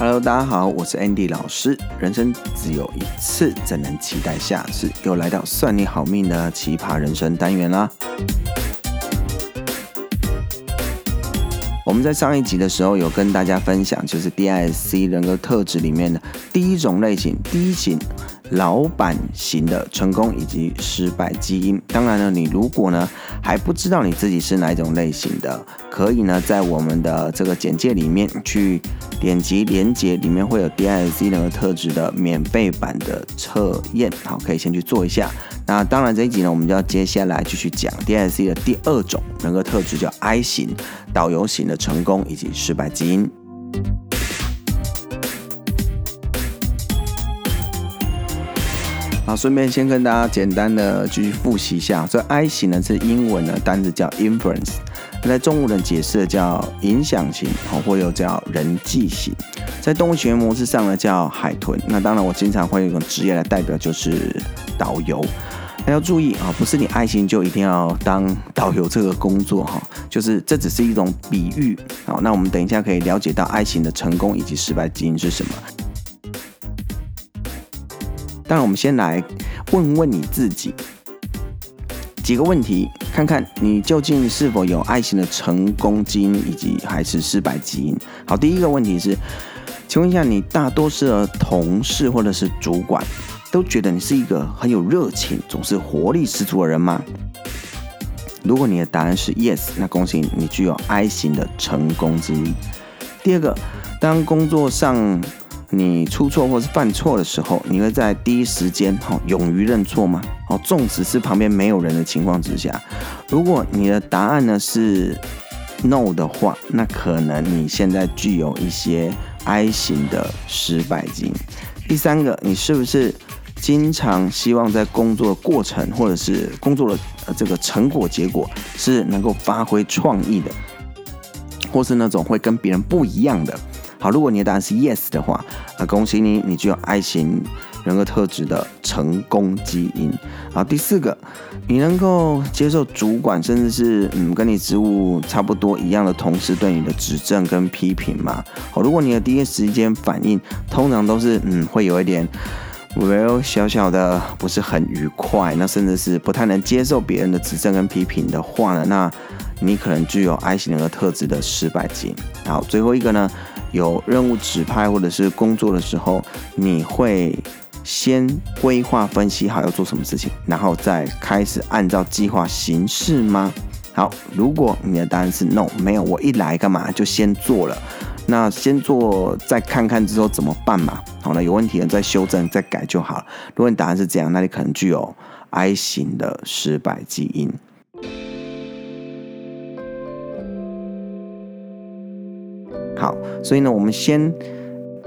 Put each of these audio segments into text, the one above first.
Hello，大家好，我是 Andy 老師。人生只有一次，怎能期待下次？又來到算你好命的奇葩人生單元啦。 我們在上一集的時候有跟大家分享，就是 DISC 人格特質裡面的第一種類型，D 型。老闆型的成功以及失敗基因。當然呢，你如果呢還不知道你自己是哪一種類型的，可以呢在我們的這個簡介裡面去點擊連結，裡面會有 DISC 那個特質的免費版的測驗，好，可以先去做一下。那當然這一集呢，我們就要接下來繼續講 DISC 的第二種那個特質，叫 I 型導遊型的成功以及失敗基因。好，順便先跟大家簡單的繼續複習一下，這 I 型呢，是英文的單字叫 influence，那在中文的解釋叫影響型，好，或又叫人際型，在動物行為模式上呢叫海豚。那當然，我經常會有一種職業來代表就是導遊。那要注意啊，不是你 I 型，就一定要當導遊這個工作哈，就是這只是一種比喻。好，那我們等一下可以了解到 I 型的成功以及失敗基因是什麼？但我們先來問問你自己幾個問題，看看你究竟是否有 I 型的成功基因，以及還是失敗基因。好，第一個問題是，請問一下，你大多數的同事或者是主管都覺得你是一個很有熱情、總是活力十足的人嗎？如果你的答案是 yes，那恭喜你，你具有 I 型的成功基因。第二個，當工作上。你出錯或是犯錯的時候，你會在第一時間，哦，勇於認錯嗎？哦，縱使是旁邊沒有人的情況之下，如果你的答案呢是 No 的話，那可能你現在具有一些 I 型的失敗基因。第三個，你是不是經常希望在工作的過程或者是工作的呃這個成果結果是能夠發揮創意的，或是那種會跟別人不一樣的？好，如果你的答案是 yes 的話，那、啊、恭喜你，你具有 I 型人格特質的成功基因。好，第四個，你能夠接受主管甚至是嗯跟你職務差不多一樣的同事對你的指正跟批評嗎？好，如果你的第一時間反應通常都是嗯會有一點 well 小小的不是很愉快，那甚至是不太能接受別人的指正跟批評的話呢，那你可能具有 I 型人格特質的失敗基因。好，最後一個呢？有任務指派或者是工作的時候，你會先規劃分析好要做什麼事情，然後再開始按照計劃行事嗎？好，如果你的答案是 no，沒有，我一來幹嘛就先做了，那先做再看看之後怎麼辦嘛。好了，那有問題了再修正再改就好了。如果你答案是這樣，那你可能具有 I 型的失敗基因。好，所以呢，我們先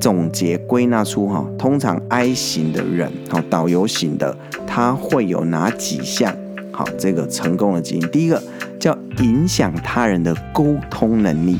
總結歸納出哈、哦，通常 I 型的人，好、哦，導遊型的，他會有哪幾項好、哦，這個成功的基因？第一個叫影響他人的溝通能力。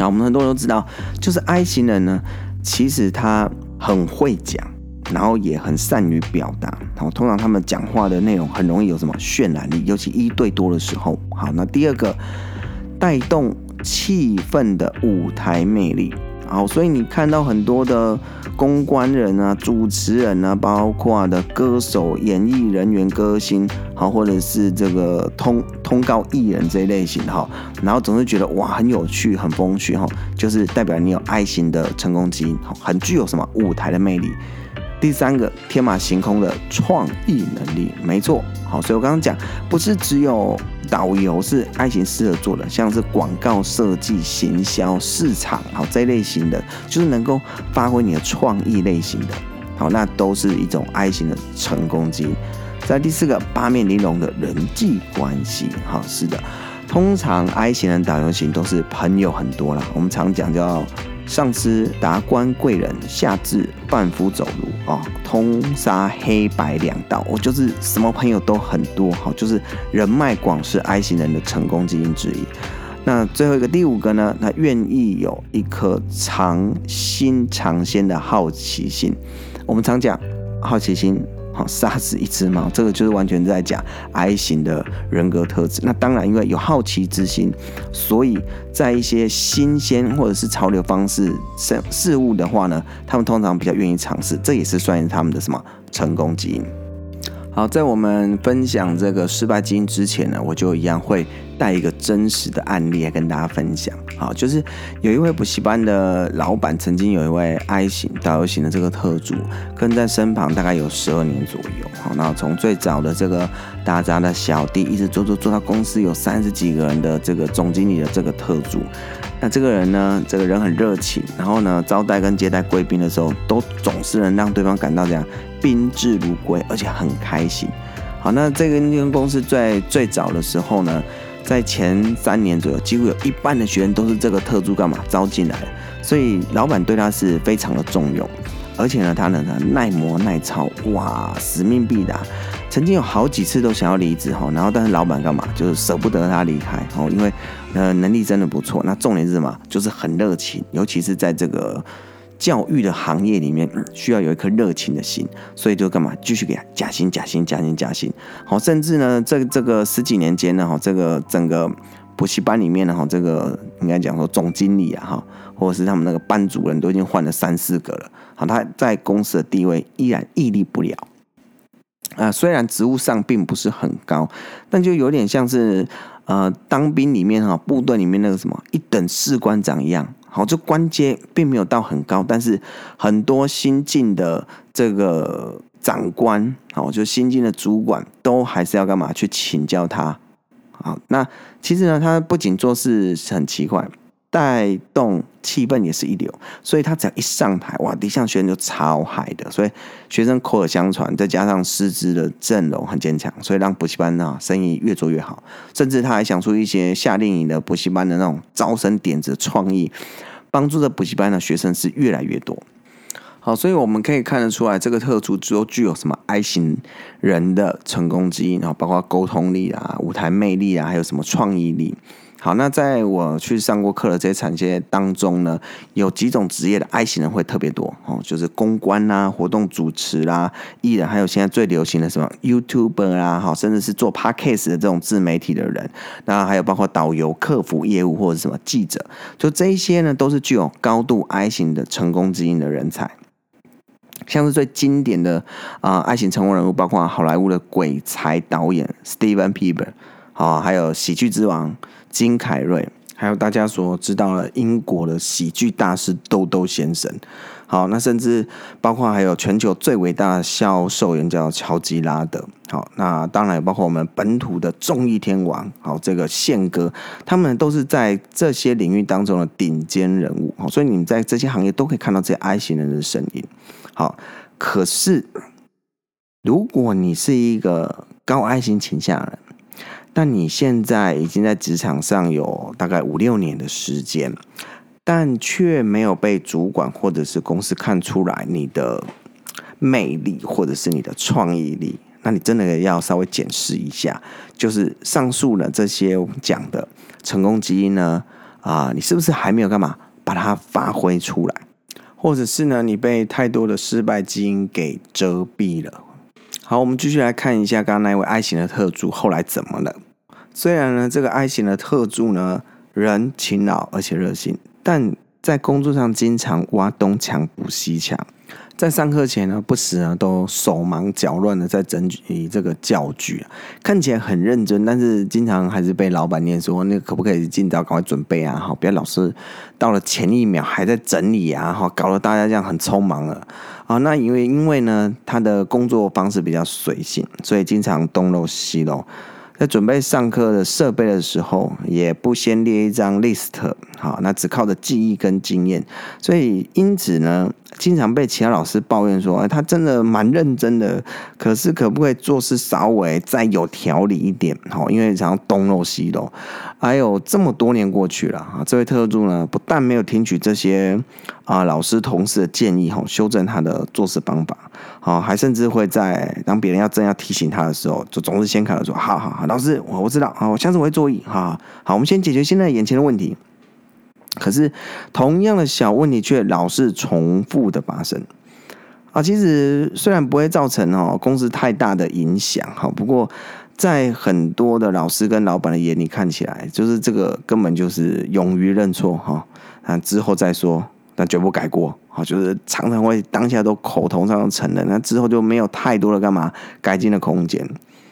好，我們很多人都知道，就是 I 型人呢，其實他很會講，然後也很善於表達。好、哦，通常他們講話的內容很容易有什麼渲染力，尤其一對多的時候。好，那第二個帶動。氣氛的舞台魅力，好，所以你看到很多的公關人啊、主持人啊，包括的歌手、演藝人員、歌星，好，或者是這個通通告藝人這一類型，哈，然後總是覺得哇，很有趣、很風趣，哈、哦，就是代表你有 I 型的成功基因，很具有什麼舞台的魅力。第三個天馬行空的創意能力，沒錯，好，所以我剛剛講，不是只有導遊是 I 型適合做的，像是廣告設計、行銷、市場，好，這類型的，就是能夠發揮你的創意類型的，好，那都是一種 I 型的成功基因。在第四個八面玲瓏的人際關係，哈，是的，通常 I 型人、導遊型都是朋友很多啦，我們常講叫。上至達官貴人，下至販夫走卒，啊、哦，通殺黑白兩道。我、哦、就是什麼朋友都很多，好、哦，就是人脈廣是 I 型人的成功基因之一。那最後一個第五個呢？他願意有一顆嘗新嘗鮮的好奇心。我們常講好奇心，殺死一隻貓，這個就是完全在講 I 型的人格特質。那當然，因為有好奇之心，所以在一些新鮮或者是潮流方式事事物的話呢，他們通常比較願意嘗試，這也是算是他們的什麼成功基因。好，在我們分享這個失敗基因之前呢，我就一樣會帶一個真實的案例來跟大家分享。好，就是有一位補習班的老闆，曾經有一位 I 型導遊型的這個特助跟在身旁，大概有十二年左右。好，那從最早的這個打雜的小弟，一直做做做到公司有三十幾個人的這個總經理的這個特助。那這個人呢？這個人很熱情，然後呢，招待跟接待貴賓的時候，都總是能讓對方感到這樣賓至如歸，而且很開心。好，那這個公司在最，最早的時候呢，在前三年左右，幾乎有一半的學員都是這個特助幹嘛招進來，所以老闆對他是非常的重用，而且呢，他呢，他耐磨耐操，哇，使命必達。曾經有好幾次都想要離職哈，然後但是老闆幹嘛？就是舍不得他離開哈，因為呃，能力真的不錯。那重點是嘛，就是很熱情，尤其是在這個教育的行業裡面，需要有一顆熱情的心。所以就幹嘛？繼續給他加薪、加薪、加薪、加薪。好，甚至呢，這這個十幾年間呢，哈，這個整個補習班裡面呢，哈，這個應該講說總經理啊，哈，或者是他們那個班主任，都已經換了三四個了。好，他在公司的地位依然屹立不了。啊、呃，雖然職務上並不是很高，但就有點像是呃，當兵裡面哈，哦，部隊裡面那個什麼一等士官長一樣。好，這官階並沒有到很高，但是很多新進的這個長官，好，就新進的主管都還是要幹嘛去請教他。好，那其實呢，他不僅做事很奇怪。帶動氣氛也是一流，所以他只要一上台，哇，底下學生就超嗨的。所以學生口耳相傳，再加上師資的陣容很堅強，所以讓補習班啊，生意越做越好。甚至他還想出一些夏令營的補習班的那種招生點子創意，幫助的補習班的學生是越來越多。好，所以我們可以看得出來，這個特助具有什麼 I 型人的成功基因啊，包括溝通力啊、舞台魅力啊，還有什麼創意力。好，那在我去上過課的這些產業當中呢，有幾種職業的 I 型人會特別多哦，就是公關啊、活動主持啦、啊、藝人，還有現在最流行的什麼 YouTuber 啊、哦，甚至是做 Podcast 的這種自媒體的人，那還有包括導遊、客服業務或者什麼記者，就這一些呢，都是具有高度 I 型的成功基因的人才。像是最經典的啊，I 型成功人物，包括好萊塢的鬼才導演 Steven Spielberg、哦、啊，還有喜劇之王。金凱瑞，還有大家所知道的英國的喜劇大師豆豆先生。好，那甚至包括還有全球最偉大的銷售員叫喬吉拉德，好，那當然包括我們本土的綜藝天王，好，這個憲哥，他們都是在這些領域當中的頂尖人物。好，所以你們在這些行業都可以看到這些 I 型人的身影。好，可是如果你是一個高 I 型傾向的人，但你現在已經在職場上有大概五六年的時間了，但卻沒有被主管或者是公司看出來你的魅力或者是你的創意力，那你真的要稍微檢視一下，就是上述的這些我們講的成功基因呢，啊、呃，你是不是還沒有幹嘛把它發揮出來，或者是呢你被太多的失敗基因給遮蔽了？好，我們繼續來看一下剛剛那一位愛情的特助後來怎麼了。雖然呢，這個愛情的特助呢，人勤勞而且熱心，但在工作上經常挖東牆補西牆。在上課前呢，不時啊都手忙腳亂的在整理這個教具啊，看起來很認真，但是經常還是被老闆念說，那可不可以儘早趕快準備啊？哈，不要老是到了前一秒還在整理啊？哈，搞得大家這樣很匆忙了啊。那因為因為呢，他的工作方式比較隨性，所以經常東漏西漏，在準備上課的設備的時候，也不先列一張 list。好，那只靠着記憶跟經驗，所以因此呢，經常被其他老師抱怨說：“哎，他真的蠻認真的，可是可不可以做事稍微再有條理一點？”好、哦，因為常常東漏西漏。還、哎、有這麼多年過去了，哈、啊，這位特助呢，不但沒有聽取這些啊老師同事的建議，哈、哦，修正他的做事方法，好、哦，還甚至會在當別人要真要提醒他的時候，就總是先開口說：“好好好，老師，我知道，好、哦，我下次我會注意。”哈，好，我們先解決現在眼前的問題。可是，同樣的小問題卻老是重複的發生啊！其實雖然不會造成哦公司太大的影響哈，不過在很多的老師跟老板的眼裡看起來，就是這個根本就是勇於認錯哈啊！之後再說，但絕不改過啊！就是常常會當下都口頭上承認，那之後就沒有太多的幹嘛改進的空間。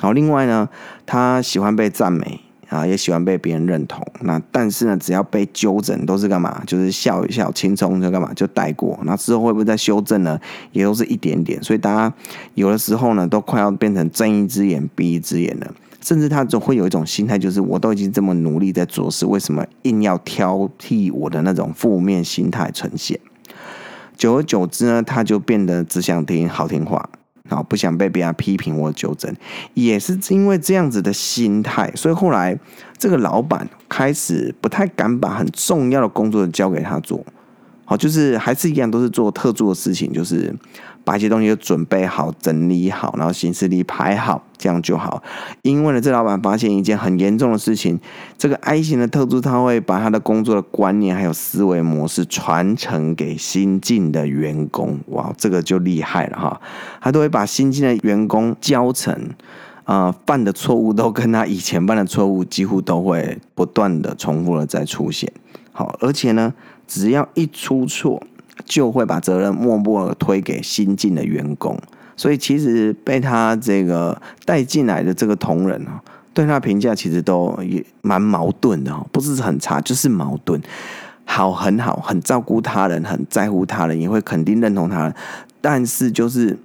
好，另外呢，他喜歡被讚美。啊，也喜歡被別人認同。那但是呢，只要被糾正，都是幹嘛？就是笑一笑，輕鬆就幹嘛就帶過。那之後會不會再修正呢？也都是一點點。所以大家有的時候呢，都快要變成睜一隻眼閉一隻眼了。甚至他總會有一種心態，就是我都已經這麼努力在做事，為什麼硬要挑剔我的那種負面心態呈現。久而久之呢，他就變得只想聽好聽話。好，不想被別人批評或糾正，也是因為這樣子的心態，所以後來這個老闆開始不太敢把很重要的工作交給他做。好，就是還是一樣，都是做特助的事情，就是。把一些東西都準備好，整理好，然後行事曆排好，這樣就好。因為呢，這老闆發現一件很嚴重的事情，這個 I 型的特助他會把他的工作的觀念還有思維模式傳承給新進的員工，哇，這個就厲害了哈。他都會把新進的員工教成，啊、呃，犯的錯誤都跟他以前犯的錯誤幾乎都會不斷的重複的再出現。好，而且呢，只要一出錯。就會把責任默默的推給新進的員工，所以其實被他這個帶進來的這個同仁啊，對他評價其實都也蠻矛盾的，不是很差就是矛盾。好，很好，很照顧他人，很在乎他人，也會肯定認同他人，但是就是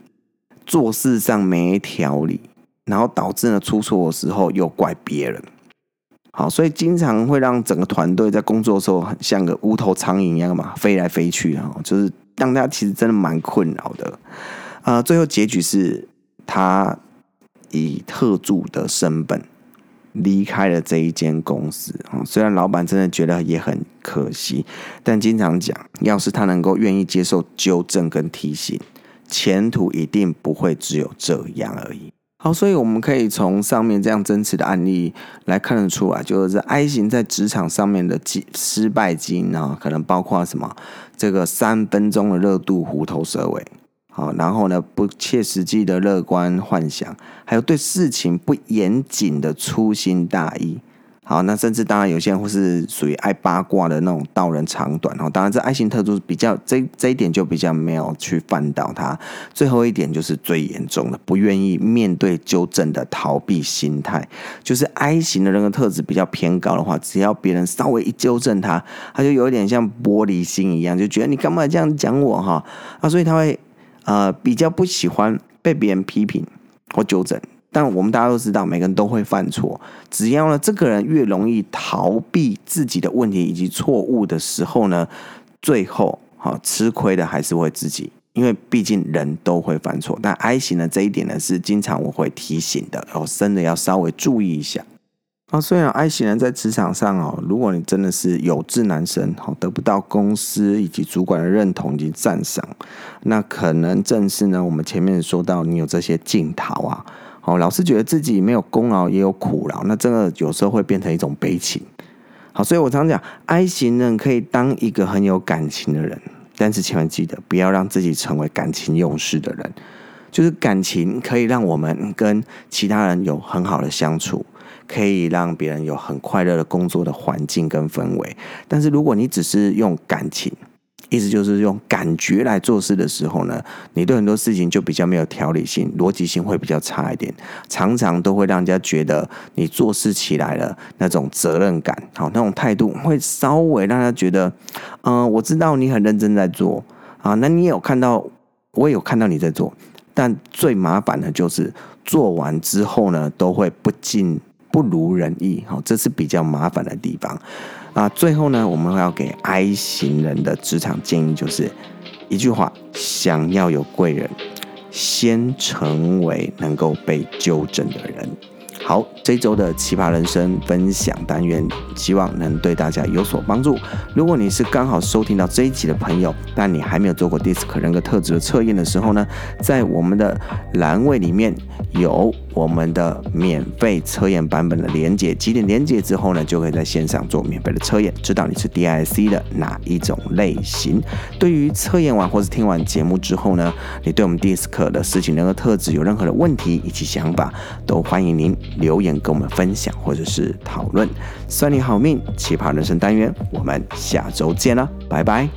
做事上沒條理，然後導致呢出錯的時候又怪別人。好，所以經常會讓整個團隊在工作的時候很像個無頭蒼蠅一樣嘛，飛來飛去的，就是讓大家其實真的蠻困擾的。呃，最後結局是他以特助的身份離開了這一間公司啊，嗯。雖然老闆真的覺得也很可惜，但經常講，要是他能夠願意接受糾正跟提醒，前途一定不會只有這樣而已。好，所以我們可以從上面這樣真實的案例來看得出來，就是 I 型在職場上面的幾失敗基因啊，可能包括什麼這個三分鐘的熱度、虎頭蛇尾，好，然後呢，不切實際的樂觀幻想，還有對事情不嚴謹的粗心大意。好，那甚至當然，有些人會是屬於愛八卦的那種道人長短哦。當然這情，這愛心特質比較這這一點就比較沒有去犯到它。最後一點就是最嚴重的，不願意面對糾正的逃避心態，就是 I 型的人格特質比較偏高的話，只要別人稍微一糾正他，他就有點像玻璃心一樣，就覺得你幹嘛這樣講我哈啊，所以他會呃比較不喜歡被別人批評或糾正。但我們大家都知道，每個人都會犯錯。只要呢，這個人越容易逃避自己的問題以及錯誤的時候呢，最後好吃虧的還是會自己，因為畢竟人都會犯錯。但 I 型的這一點呢，是經常我會提醒的哦，我真的要稍微注意一下啊。雖然 I 型呢，在職場上哦，如果你真的是有志難伸，好得不到公司以及主管的認同以及讚賞，那可能正是呢，我們前面說到你有這些競逃啊。哦，老是覺得自己沒有功勞也有苦勞，那真的有時候會變成一種悲情。好，所以我常講，I 型人可以當一個很有感情的人，但是千萬記得不要讓自己成為感情用事的人。就是感情可以讓我們跟其他人有很好的相處，可以讓別人有很快樂的工作的環境跟氛圍。但是如果你只是用感情，意思就是用感覺來做事的時候呢，你對很多事情就比較沒有條理性，邏輯性會比較差一點，常常都會讓人家覺得你做事起來了那種責任感，好，那種態度會稍微讓人家覺得，嗯、呃，我知道你很認真在做啊，那你有看到，我也有看到你在做，但最麻煩的就是做完之後呢，都會不盡不如人意，好，這是比較麻煩的地方。啊，最後呢，我們要給 I 型人的職場建議就是一句話：想要有貴人，先成為能夠被糾正的人。好，這週的奇葩人生分享單元，希望能對大家有所幫助。如果你是剛好收聽到這一集的朋友，但你還沒有做過 DISC 人格特質的測驗的時候呢，在我們的欄位裡面有。我們的免費測驗版本的連接，幾點連接之後呢，就可以在線上做免費的測驗，知道你是 D I C 的哪一種類型。對於測驗完或者聽完節目之後呢，你對我們 DIS 科的事情那個特質有任何的問題以及想法，都歡迎您留言跟我們分享或者是討論。算你好命，奇葩人生單元，我們下周見了，拜拜。